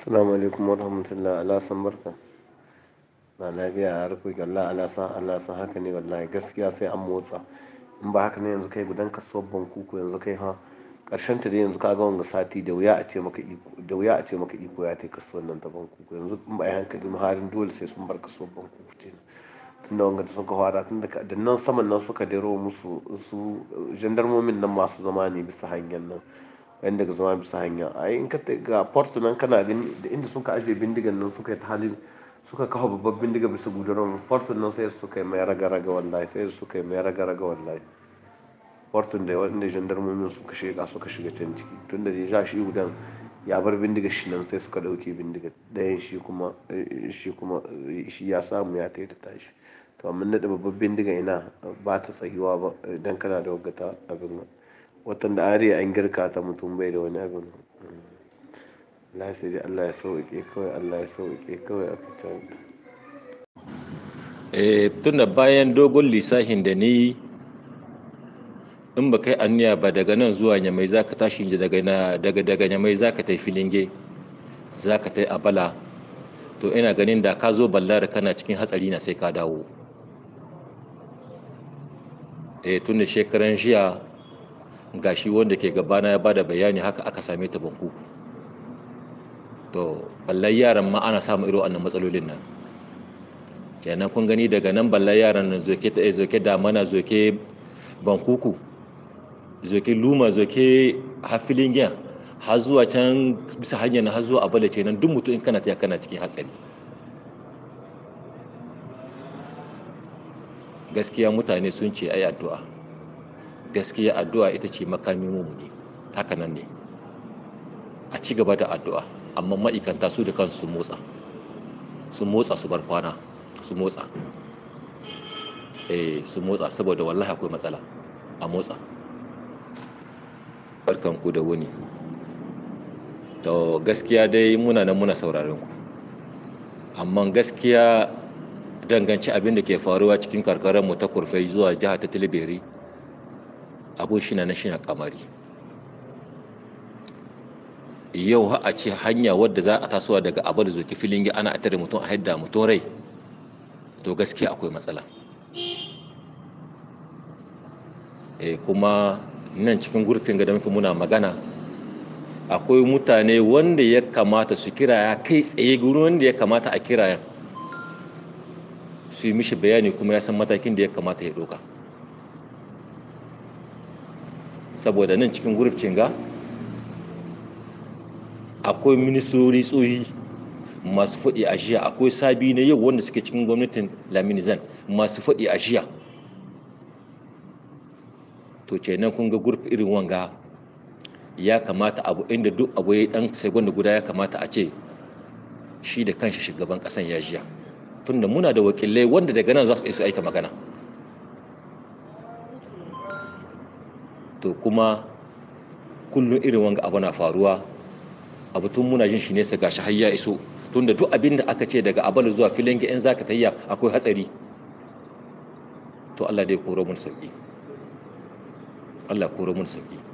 Assalamu alaikum wa rahmatullah ala san barka. Na lafiya a harkokin Allah ala san ala san haka ne wallahi gaskiya sai an motsa. In ba haka ne yanzu kai gudan kasuwar bankuku yanzu kai ha karshen ta dai yanzu ka ga wanga sati da wuya a ce maka iko da wuya a ce maka iko ya kai kasuwar nan ta bankuku yanzu in ba ai hankali ma harin dole sai sun bar kasuwar bankuku ce tunda wanga da suka fara tunda da nan saman nan suka dero musu su jandarmomin nan masu zama ne bisa hanyar nan. inda ka zama bisa hanya a in ka ga port nan kana gani da inda sun ka ajiye bindigan nan suka yi ta halin suka kawo babban bindiga bisa gudanar port nan sai suka yi mai raga-raga wallahi sai suka yi mai raga-raga wallahi Port da wanda jandarmomin suka shiga suka shiga can ciki tun da ja shi gudan ya bar bindiga shi nan sai suka dauke bindiga dayan shi kuma shi kuma shi ya samu ya kai da tashi to amma da babban bindiga ina ba ta tsayuwa ba idan kana da wagata abin watan da riya an girka ta mutum bai da wani abin Allah sai Allah ya sauƙe kawai Allah ya sauƙe kawai a fitar e eh, tunda bayan dogon lissahin da ni in ba kai anniya ba daga nan zuwa nyamai za ka tashi daga daga nyamai za ka tai filinge za ka tai abala to ina ganin da ka zo ballar kana cikin hatsari na sai ka dawo e tunda shekaran jiya gashi wanda ke gabana ya bada bayani haka aka same ta bankuku to ballai yaran ma ana samun irin wannan matsalolin nan kenan kun gani daga nan ballai yaran nan zoke ta eh, zoke mana zoke bankuku zoke luma zoke hafilin giya har zuwa can bisa hanyar har zuwa abalace nan duk mutum in kana ta kana cikin hatsari gaskiya mutane sun ce ai addu'a gaskiya addu'a ita ce mu ne haka nan ne a ci gaba da addu'a amma ma'aikanta su da kansu sun motsa sun motsa su bar kwana su motsa eh su motsa saboda wallahi akwai matsala a motsa ku da wuni to gaskiya dai muna nan muna sauraron ku amma gaskiya danganci abin da ke faruwa cikin karkarar mu ta kurfai zuwa jihar ta tilibiri abun shi na shi na kamari yau ha a ce hanya wadda za a tasowa daga da zoki filin ana atare mutum a haida mutum rai to gaskiya akwai matsala e, kuma nan cikin gurfin ga muna magana akwai mutane wanda ya kamata su kiraya kai tsaye gurin wanda ya kamata a kiraya su yi mishi bayani kuma ya san matakin da ya kamata ya doka. saboda nan cikin gurubcin ga akwai ministori tsohi masu faɗi a jiya akwai sabi na yau wanda suke cikin gwamnatin laminizan masu faɗi a jiya to ce nan kun ga gurf irin wanga ya kamata abu inda duk abu ya dan sai da guda ya kamata a ce shi da kanshi shugaban kasan ya jiya tunda muna da wakilai wanda daga nan za su isa aika magana to kuma kullum irin wanga abu na faruwa abu tun muna jin shi ne sa gashi har ya iso tunda duk abin da aka ce daga abal zuwa filin ga in zaka tayya akwai hatsari to Allah dai koro mun sauki Allah koro mun sauki